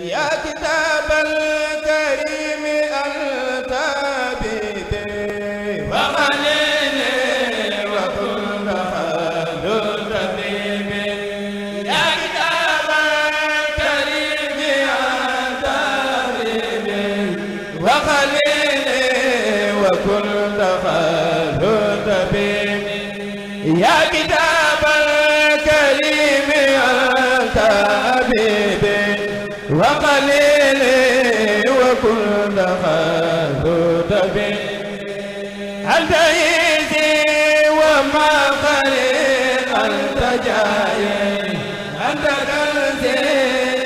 yaa kitaabal kariimi anta biddee wa xaleele wa kunta xaluta biddee yaa kitaabal kariimi anta biddee wa xaleele wa kunta xaluta biddee yaa kitaabal kariimi anta biddee وقليلي وكل خذوت به هل تيزي وما قليل أنت جاي أنت كنزي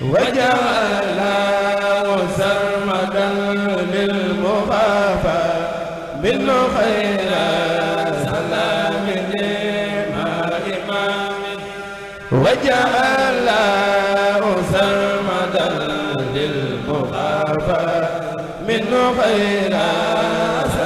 وجعله سرمدا للمخافى بالخير سلام ديما إمام وجعله سرمدا للمخافى من خير سلام